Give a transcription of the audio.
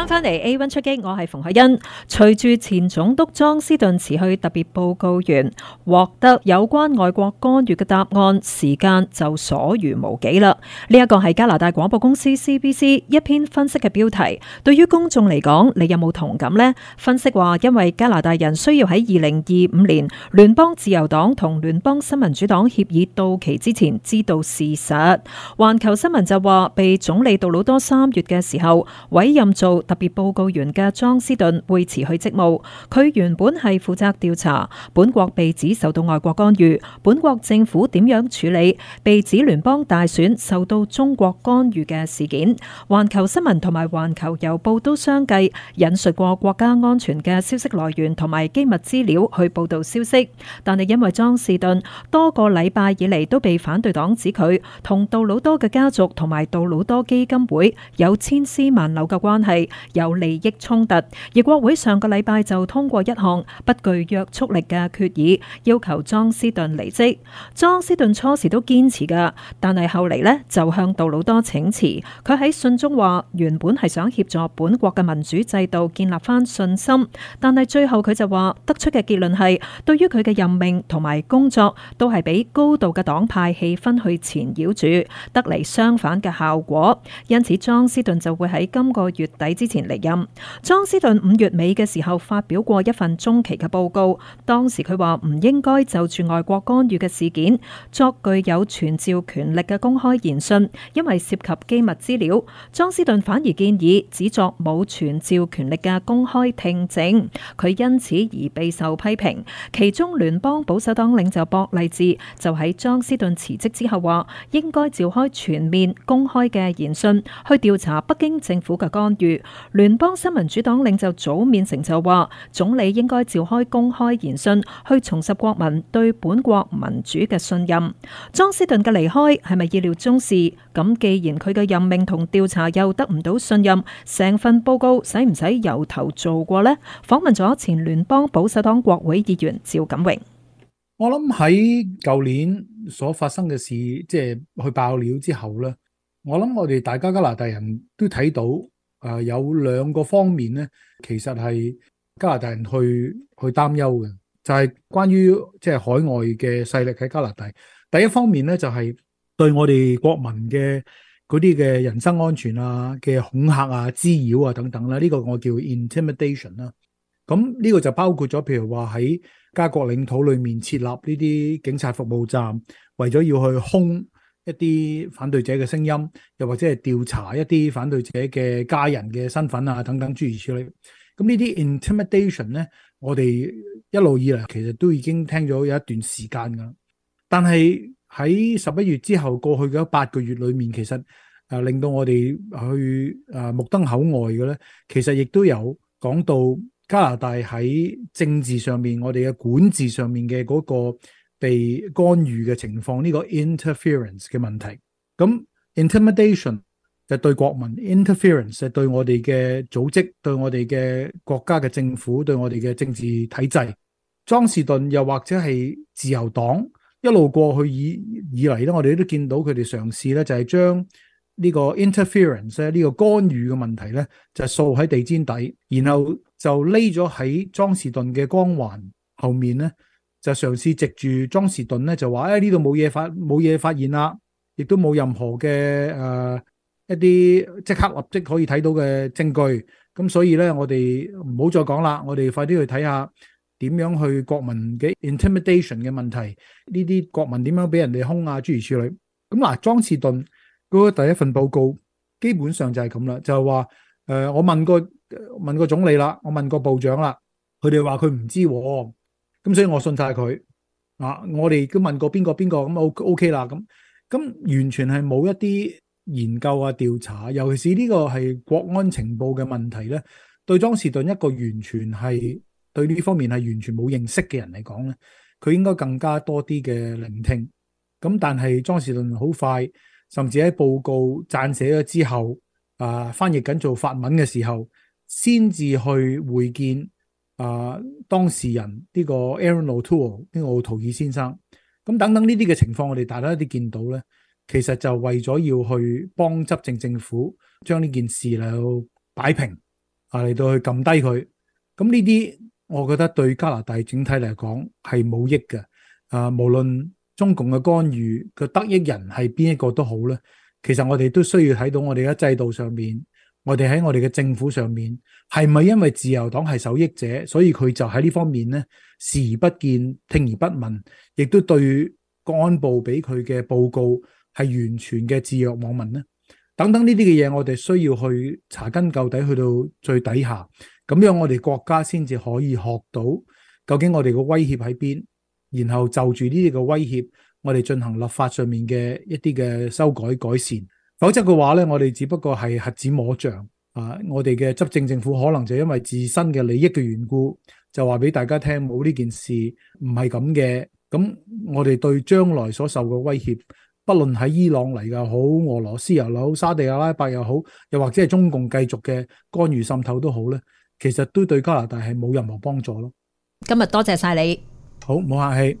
翻翻嚟 A One 出擊，我係馮海欣。隨住前總督莊斯頓辭去特別報告員，獲得有關外國干預嘅答案時間就所餘無幾啦。呢、這、一個係加拿大廣播公司 CBC 一篇分析嘅標題。對於公眾嚟講，你有冇同感呢？分析話，因為加拿大人需要喺二零二五年聯邦自由黨同聯邦新民主黨協議到期之前知道事實。環球新聞就話，被總理杜魯多三月嘅時候委任做。特別報告員嘅莊士頓會辭去職務。佢原本係負責調查本國被指受到外國干預，本國政府點樣處理被指聯邦大選受到中國干預嘅事件。環球新聞同埋環球郵報都相繼引述過國家安全嘅消息來源同埋機密資料去報道消息，但係因為莊士頓多個禮拜以嚟都被反對黨指佢同杜魯多嘅家族同埋杜魯多基金會有千絲萬縷嘅關係，有利益衝突，而國會上個禮拜就通過一項不具約束力嘅決議，要求莊斯頓離職。莊斯頓初時都堅持㗎，但係後嚟呢，就向杜魯多請辭。佢喺信中話：原本係想協助本國嘅民主制度建立返信心，但係最後佢就話得出嘅結論係，對於佢嘅任命同埋工作都係俾高度嘅黨派氣氛去纏繞住，得嚟相反嘅效果。因此莊斯頓就會喺今個月底之前離任，莊斯頓五月尾嘅時候發表過一份中期嘅報告。當時佢話唔應該就住外國干預嘅事件作具有傳召權力嘅公開研訊，因為涉及機密資料。莊斯頓反而建議只作冇傳召權力嘅公開聽證。佢因此而備受批評。其中聯邦保守黨領袖博利治就喺莊斯頓辭職之後話，應該召開全面公開嘅研訊去調查北京政府嘅干預。聯邦新民主黨領袖祖面成就話，總理應該召開公開研訊，去重拾國民對本國民主嘅信任。莊士頓嘅離開係咪意料中事？咁既然佢嘅任命同調查又得唔到信任，成份報告使唔使由頭做過呢？訪問咗前聯邦保守黨國會議員趙錦榮，我諗喺舊年所發生嘅事，即係去爆料之後呢，我諗我哋大家加拿大人都睇到。啊、呃，有兩個方面咧，其實係加拿大人去去擔憂嘅，就係、是、關於即係海外嘅勢力喺加拿大。第一方面咧，就係、是、對我哋國民嘅嗰啲嘅人身安全啊、嘅恐嚇啊、滋擾啊等等咧、啊，呢、這個我叫 intimidation 啦、啊。咁呢個就包括咗，譬如話喺加國領土裏面設立呢啲警察服務站，為咗要去兇。一啲反對者嘅聲音，又或者係調查一啲反對者嘅家人嘅身份啊，等等諸如此類。咁呢啲 intimidation 呢，我哋一路以嚟其實都已經聽咗有一段時間噶。但係喺十一月之後過去嘅八個月裏面，其實誒、啊、令到我哋去誒、啊、目瞪口呆嘅呢，其實亦都有講到加拿大喺政治上面，我哋嘅管治上面嘅嗰、那個。被干預嘅情況，呢個 interference 嘅問題，咁 intimidation 就對國民，interference 就對我哋嘅組織，對我哋嘅國家嘅政府，對我哋嘅政治體制。莊士頓又或者係自由黨一路過去以以嚟咧，我哋都見到佢哋嘗試咧，就係將呢個 interference 咧，呢個干預嘅問題咧，就掃喺地氈底，然後就匿咗喺莊士頓嘅光環後面咧。就嘗試藉住莊士頓咧，就話：誒呢度冇嘢發，冇嘢發現啦，亦都冇任何嘅誒一啲即刻立即可以睇到嘅證據。咁所以咧，我哋唔好再講啦，我哋快啲去睇下點樣去國民嘅 intimidation 嘅問題，呢啲國民點樣俾人哋兇啊，諸如此類。咁嗱，莊士頓嗰第一份報告基本上就係咁啦，就係話：誒我問過問過總理啦，我問過部長啦，佢哋話佢唔知。咁所以我信曬佢啊！我哋都問過邊個邊個咁 O O K 啦咁，咁完全係冇一啲研究啊調查，尤其是呢個係國安情報嘅問題咧。對莊士頓一個完全係對呢方面係完全冇認識嘅人嚟講咧，佢應該更加多啲嘅聆聽。咁但係莊士頓好快，甚至喺報告撰寫咗之後啊，翻譯緊做法文嘅時候，先至去會見。啊！當事人呢個 Erin O'Toole 呢個奧圖爾先生，咁等等呢啲嘅情況，我哋大家都見到咧，其實就為咗要去幫執政政府將呢件事嚟到擺平，啊嚟到去撳低佢。咁呢啲，我覺得對加拿大整體嚟講係冇益嘅。啊，無論中共嘅干預，個得益人係邊一個都好咧。其實我哋都需要喺到我哋嘅制度上面。我哋喺我哋嘅政府上面，係咪因為自由黨係受益者，所以佢就喺呢方面呢視而不見、聽而不聞，亦都對國安部俾佢嘅報告係完全嘅置若罔聞呢等等呢啲嘅嘢，我哋需要去查根究底，去到最底下，咁樣我哋國家先至可以學到究竟我哋嘅威脅喺邊，然後就住呢啲嘅威脅，我哋進行立法上面嘅一啲嘅修改改善。否則嘅話咧，我哋只不過係瞎子摸象啊！我哋嘅執政政府可能就因為自身嘅利益嘅緣故，就話俾大家聽冇呢件事，不是這樣的，唔係咁嘅。咁我哋對將來所受嘅威脅，不論喺伊朗嚟，又好，俄羅斯又好，沙地阿拉伯又好，又或者係中共繼續嘅干預滲透都好咧，其實都對，對加拿大係冇任何幫助咯。今日多謝晒你，好唔好客氣？